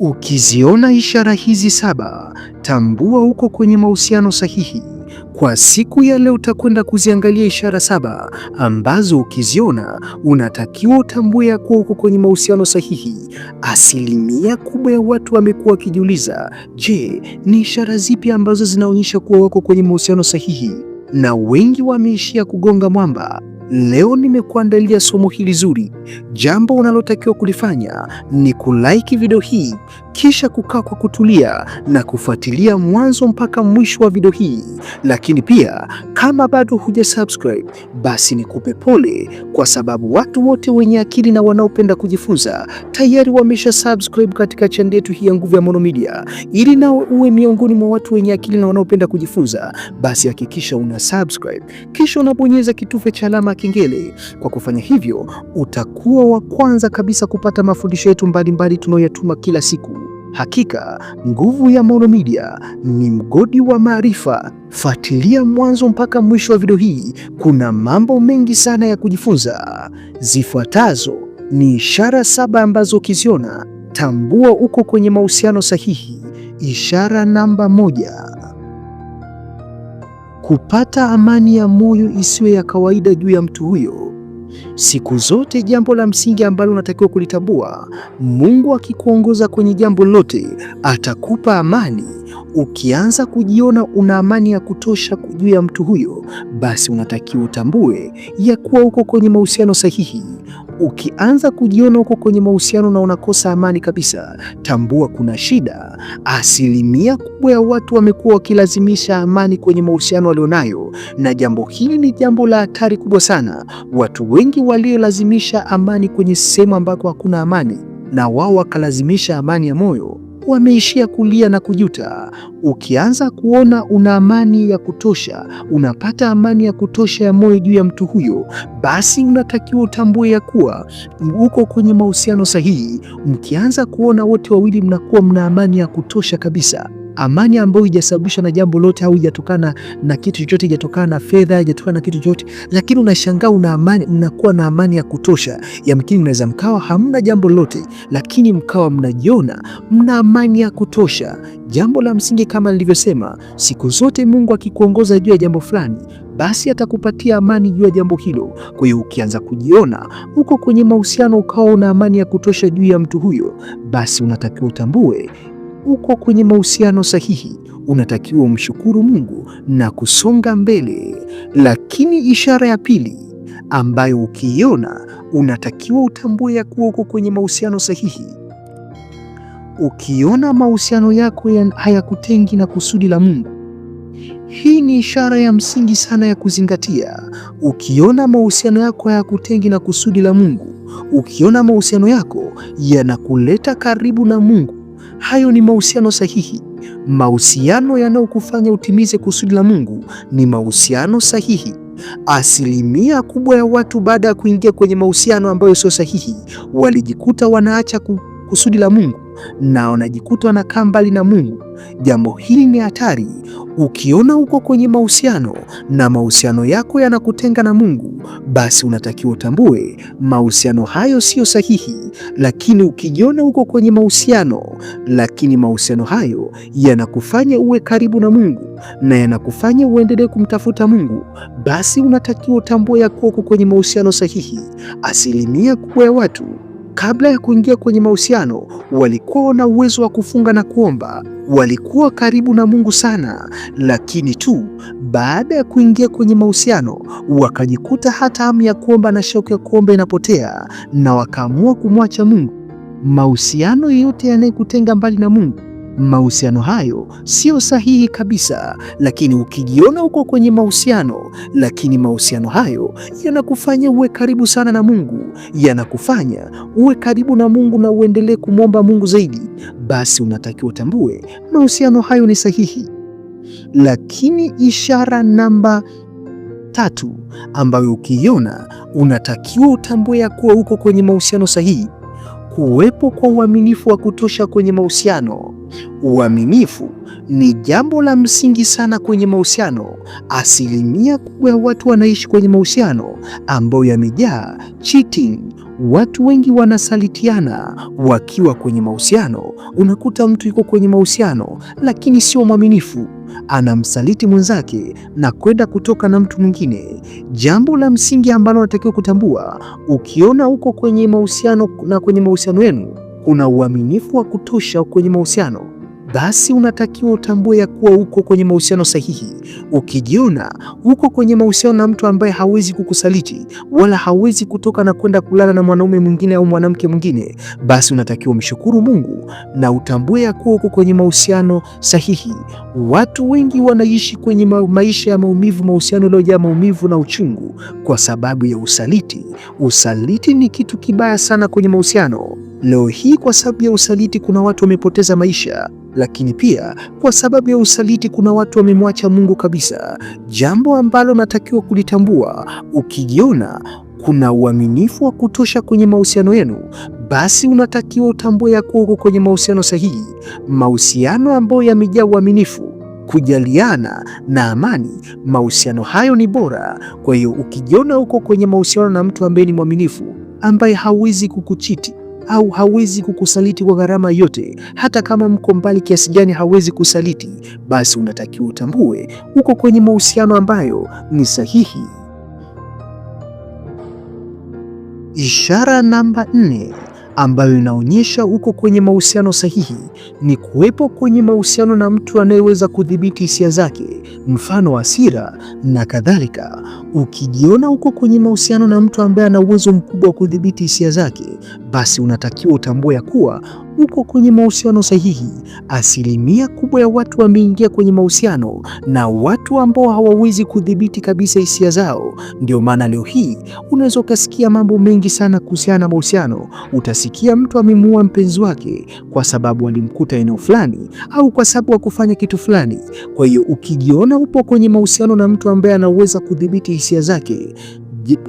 Ukiziona ishara hizi saba, tambua uko kwenye mahusiano sahihi. Kwa siku ya leo utakwenda kuziangalia ishara saba ambazo ukiziona unatakiwa utambue ya kuwa uko kwenye mahusiano sahihi. Asilimia kubwa ya watu wamekuwa wakijiuliza, je, ni ishara zipi ambazo zinaonyesha kuwa wako kwenye mahusiano sahihi? Na wengi wameishia kugonga mwamba Leo nimekuandalia somo hili zuri. Jambo unalotakiwa kulifanya ni kulaiki video hii kisha kukaa kwa kutulia na kufuatilia mwanzo mpaka mwisho wa video hii. Lakini pia kama bado huja subscribe, basi nikupe pole, kwa sababu watu wote wenye akili na wanaopenda kujifunza tayari wamesha subscribe katika chaneli yetu hii ya Nguvu ya Maono Media. Ili nawe uwe miongoni mwa watu wenye akili na wanaopenda kujifunza, basi hakikisha una subscribe kisha unabonyeza kitufe cha alama ya kengele. Kwa kufanya hivyo, utakuwa wa kwanza kabisa kupata mafundisho yetu mbalimbali tunayoyatuma kila siku. Hakika nguvu ya Maono Media ni mgodi wa maarifa. Fuatilia mwanzo mpaka mwisho wa video hii, kuna mambo mengi sana ya kujifunza. Zifuatazo ni ishara saba ambazo ukiziona tambua uko kwenye mahusiano sahihi. Ishara namba moja: kupata amani ya moyo isiyo ya kawaida juu ya mtu huyo Siku zote jambo la msingi ambalo unatakiwa kulitambua, Mungu akikuongoza kwenye jambo lote atakupa amani. Ukianza kujiona una amani ya kutosha juu ya mtu huyo, basi unatakiwa utambue ya kuwa uko kwenye mahusiano sahihi. Ukianza kujiona huko kwenye mahusiano na unakosa amani kabisa, tambua kuna shida. Asilimia kubwa ya watu wamekuwa wakilazimisha amani kwenye mahusiano walionayo, na jambo hili ni jambo la hatari kubwa sana. Watu wengi waliolazimisha amani kwenye sehemu ambako hakuna amani, na wao wakalazimisha amani ya moyo wameishia kulia na kujuta. Ukianza kuona una amani ya kutosha, unapata amani ya kutosha ya moyo juu ya mtu huyo, basi unatakiwa utambue ya kuwa uko kwenye mahusiano sahihi. Mkianza kuona wote wawili mnakuwa mna amani ya kutosha kabisa amani ambayo haijasababishwa na jambo lote au haijatokana na kitu chochote, haijatokana na fedha, haijatokana na kitu chochote, lakini unashangaa una amani, unakuwa na amani ya kutosha. Yamkini unaweza mkawa hamna jambo lolote, lakini mkawa mnajiona mna amani ya kutosha. Jambo la msingi kama nilivyosema, siku zote Mungu akikuongoza juu ya jambo fulani basi atakupatia amani juu ya jambo hilo. Kwa hiyo ukianza kujiona uko kwenye mahusiano ukawa una amani ya kutosha juu ya mtu huyo, basi unatakiwa utambue uko kwenye mahusiano sahihi, unatakiwa umshukuru Mungu na kusonga mbele. Lakini ishara ya pili ambayo ukiiona unatakiwa utambue ya kuwa uko kwenye mahusiano sahihi, ukiona mahusiano yako hayakutengi na kusudi la Mungu, hii ni ishara ya msingi sana ya kuzingatia. Ukiona mahusiano yako hayakutengi na kusudi la Mungu, ukiona mahusiano yako yanakuleta karibu na Mungu Hayo ni mahusiano sahihi. Mahusiano yanayokufanya utimize kusudi la Mungu ni mahusiano sahihi. Asilimia kubwa ya watu baada ya kuingia kwenye mahusiano ambayo sio sahihi walijikuta wanaacha kusudi la Mungu na wanajikuta wanakaa mbali na Mungu. Jambo hili ni hatari. Ukiona uko kwenye mahusiano na mahusiano yako yanakutenga na Mungu, basi unatakiwa utambue mahusiano hayo siyo sahihi. Lakini ukijiona uko kwenye mahusiano, lakini mahusiano hayo yanakufanya uwe karibu na Mungu na yanakufanya uendelee kumtafuta Mungu, basi unatakiwa utambue ya kuwa uko kwenye mahusiano sahihi. Asilimia kubwa ya watu Kabla ya kuingia kwenye mahusiano, walikuwa wana uwezo wa kufunga na kuomba, walikuwa karibu na Mungu sana, lakini tu baada ya kuingia kwenye mahusiano wakajikuta hata hamu ya kuomba na shauku ya kuomba inapotea, na wakaamua kumwacha Mungu. Mahusiano yote yanayekutenga mbali na Mungu Mahusiano hayo sio sahihi kabisa, lakini ukijiona uko kwenye mahusiano, lakini mahusiano hayo yanakufanya uwe karibu sana na Mungu, yanakufanya uwe karibu na Mungu na uendelee kumwomba Mungu zaidi, basi unatakiwa utambue mahusiano hayo ni sahihi. Lakini ishara namba tatu ambayo ukiiona unatakiwa utambue ya kuwa uko kwenye mahusiano sahihi kuwepo kwa uaminifu wa kutosha kwenye mahusiano. Uaminifu ni jambo la msingi sana kwenye mahusiano. Asilimia kubwa ya watu wanaishi kwenye mahusiano ambayo yamejaa cheating, Watu wengi wanasalitiana wakiwa kwenye mahusiano. Unakuta mtu yuko kwenye mahusiano lakini sio mwaminifu, anamsaliti mwenzake na kwenda kutoka na mtu mwingine. Jambo la msingi ambalo unatakiwa kutambua, ukiona uko kwenye mahusiano na kwenye mahusiano yenu kuna uaminifu wa kutosha kwenye mahusiano basi unatakiwa utambue ya kuwa uko kwenye mahusiano sahihi. Ukijiona uko kwenye mahusiano na mtu ambaye hawezi kukusaliti wala hawezi kutoka na kwenda kulala na mwanaume mwingine au mwanamke mwingine, basi unatakiwa umshukuru Mungu na utambue ya kuwa uko kwenye mahusiano sahihi. Watu wengi wanaishi kwenye ma maisha ya maumivu, mahusiano yaliyojaa maumivu na uchungu kwa sababu ya usaliti. Usaliti ni kitu kibaya sana kwenye mahusiano. Leo hii kwa sababu ya usaliti kuna watu wamepoteza maisha, lakini pia kwa sababu ya usaliti kuna watu wamemwacha Mungu kabisa, jambo ambalo natakiwa kulitambua. Ukijiona kuna uaminifu wa kutosha kwenye mahusiano yenu, basi unatakiwa utambue ya kuwa uko kwenye mahusiano sahihi, mahusiano ambayo yamejaa uaminifu kujaliana na amani. Mahusiano hayo ni bora. Kwa hiyo ukijiona uko kwenye mahusiano na mtu ambaye ni mwaminifu, ambaye hawezi kukuchiti au hawezi kukusaliti kwa gharama yote. Hata kama mko mbali kiasi gani, hawezi kusaliti, basi unatakiwa utambue uko kwenye mahusiano ambayo ni sahihi. Ishara namba nne ambayo inaonyesha huko kwenye mahusiano sahihi ni kuwepo kwenye mahusiano na mtu anayeweza kudhibiti hisia zake, mfano wa hasira na kadhalika. Ukijiona uko kwenye mahusiano na mtu ambaye ana uwezo mkubwa wa kudhibiti hisia zake, basi unatakiwa utambue ya kuwa uko kwenye mahusiano sahihi. Asilimia kubwa ya watu wameingia kwenye mahusiano na watu ambao hawawezi kudhibiti kabisa hisia zao. Ndio maana leo hii unaweza ukasikia mambo mengi sana kuhusiana na mahusiano. Utasikia mtu amemuua mpenzi wake kwa sababu alimkuta eneo fulani, au kwa sababu wa kufanya kitu fulani. Kwa hiyo ukijiona upo kwenye mahusiano na mtu ambaye anaweza kudhibiti hisia zake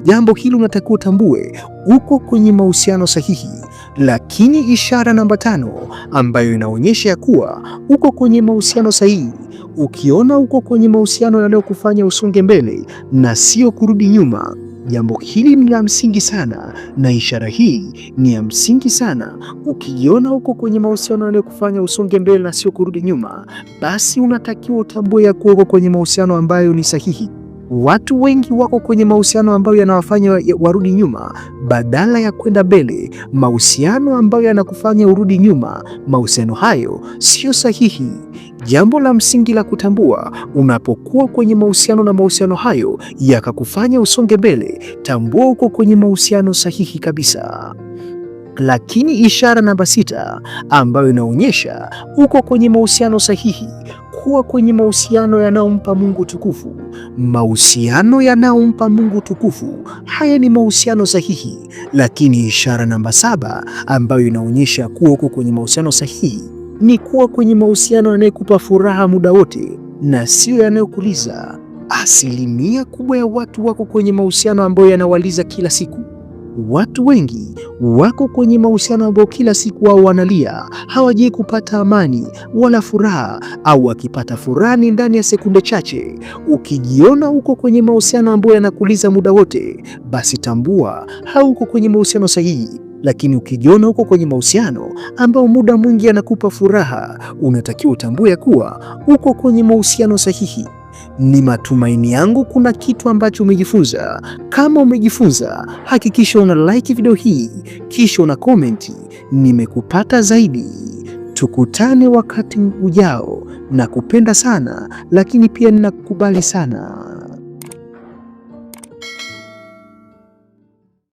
Jambo hili unatakiwa utambue, uko kwenye mahusiano sahihi. Lakini ishara namba tano ambayo inaonyesha ya kuwa uko kwenye mahusiano sahihi, ukiona uko kwenye mahusiano yanayokufanya usonge mbele na sio kurudi nyuma, jambo hili ni la msingi sana, na ishara hii ni ya msingi sana. ukiona uko kwenye mahusiano yanayokufanya usonge mbele na sio kurudi nyuma, basi unatakiwa utambue ya kuwa uko kwenye mahusiano ambayo ni sahihi. Watu wengi wako kwenye mahusiano ambayo yanawafanya warudi nyuma badala ya kwenda mbele. Mahusiano ambayo yanakufanya urudi nyuma, mahusiano hayo sio sahihi. Jambo la msingi la kutambua unapokuwa kwenye mahusiano na mahusiano hayo yakakufanya usonge mbele, tambua uko kwenye mahusiano sahihi kabisa. Lakini ishara namba sita ambayo inaonyesha uko kwenye mahusiano sahihi, kuwa kwenye mahusiano yanayompa Mungu tukufu Mahusiano yanayompa Mungu tukufu, haya ni mahusiano sahihi. Lakini ishara namba saba ambayo inaonyesha kuwa uko kwenye mahusiano sahihi ni kuwa kwenye mahusiano yanayekupa furaha muda wote na siyo yanayokuliza. Asilimia kubwa ya watu wako kwenye mahusiano ambayo yanawaliza kila siku. Watu wengi wako kwenye mahusiano ambao kila siku wao wanalia, hawajai kupata amani wala furaha, au wakipata furaha ni ndani ya sekunde chache. Ukijiona uko kwenye mahusiano ambayo yanakuliza muda wote, basi tambua hauko kwenye mahusiano sahihi lakini ukijiona huko kwenye mahusiano ambao muda mwingi anakupa furaha, unatakiwa utambue ya kuwa uko kwenye mahusiano sahihi. Ni matumaini yangu kuna kitu ambacho umejifunza. Kama umejifunza, hakikisha una like video hii, kisha una komenti nimekupata zaidi. Tukutane wakati ujao. Nakupenda sana lakini pia ninakukubali sana.